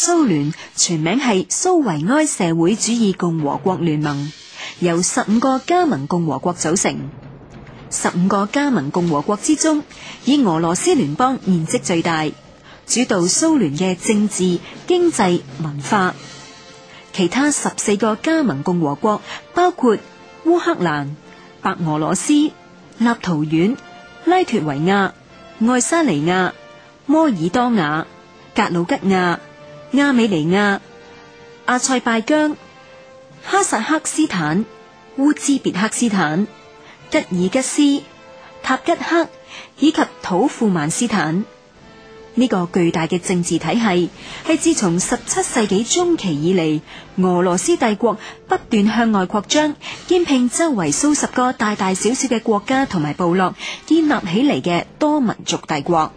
蘇聯全名係蘇維埃社會主義共和國聯盟，由十五個加盟共和國組成。十五個加盟共和國之中，以俄羅斯聯邦面積最大，主導蘇聯嘅政治、經濟、文化。其他十四個加盟共和國包括烏克蘭、白俄羅斯、立陶宛、拉脱維亞、愛沙尼亞、摩爾多瓦、格魯吉亞。亞美尼亞、阿塞拜疆、哈薩克斯坦、烏茲別克斯坦、吉爾吉斯、塔吉克以及土庫曼斯坦，呢、這個巨大嘅政治體系係自從十七世紀中期以嚟，俄羅斯帝國不斷向外擴張，兼併周圍數十個大大小小嘅國家同埋部落，建立起嚟嘅多民族帝國。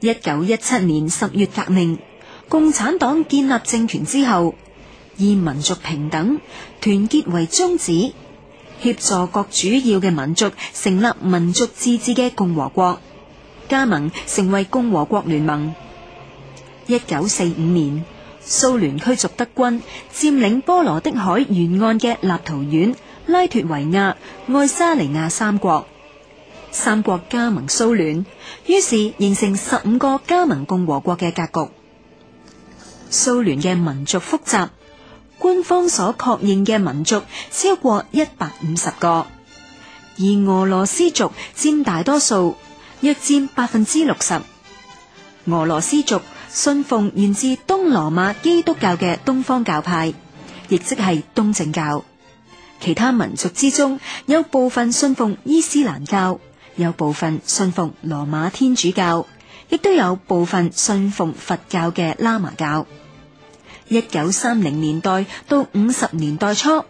一九一七年十月革命，共產黨建立政權之後，以民族平等、團結為宗旨，協助各主要嘅民族成立民族自治嘅共和國，加盟成為共和國聯盟。一九四五年，蘇聯驅逐德軍，佔領波羅的海沿岸嘅立陶宛、拉脫維亞、愛沙尼亞三國，三國加盟蘇聯，於是形成十五個加盟共和國嘅格局。蘇聯嘅民族複雜，官方所確認嘅民族超過一百五十個，而俄羅斯族佔大多數，約佔百分之六十。俄羅斯族信奉源自東羅馬基督教嘅東方教派，亦即係東正教。其他民族之中，有部分信奉伊斯蘭教，有部分信奉羅馬天主教。亦都有部分信奉佛教嘅喇嘛教。一九三零年代到五十年代初，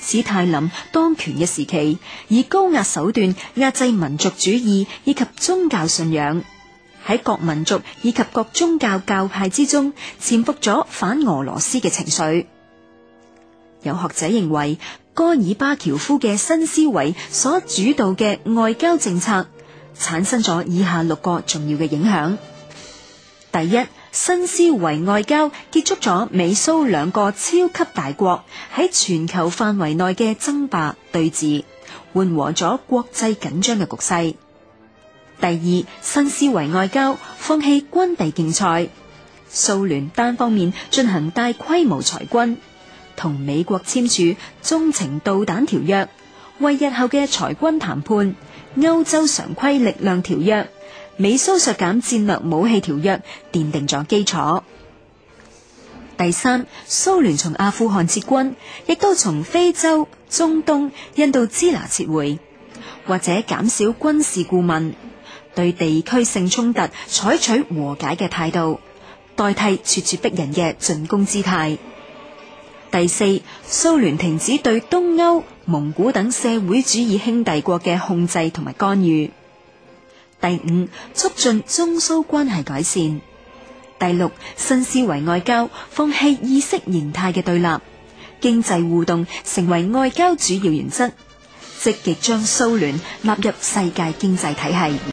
史泰林當權嘅時期，以高壓手段壓制民族主義以及宗教信仰，喺各民族以及各宗教教派之中，潛伏咗反俄羅斯嘅情緒。有學者認為，戈爾巴喬夫嘅新思維所主導嘅外交政策。產生咗以下六個重要嘅影響：第一，新思維外交結束咗美蘇兩個超級大國喺全球範圍內嘅爭霸對峙，緩和咗國際緊張嘅局勢；第二，新思維外交放棄軍備競賽，蘇聯單方面進行大規模裁軍，同美國簽署中程導彈條約，為日後嘅裁軍談判。歐洲常規力量條約、美蘇削減戰略武器條約奠定咗基礎。第三，蘇聯從阿富汗撤軍，亦都從非洲、中東、印度支那撤回，或者減少軍事顧問，對地區性衝突採取和解嘅態度，代替咄咄逼人嘅進攻姿態。第四，蘇聯停止對東歐。蒙古等社會主義兄弟國嘅控制同埋干預。第五，促進中蘇關係改善。第六，新思維外交，放棄意識形態嘅對立，經濟互動成為外交主要原則，積極將蘇聯納入世界經濟體系。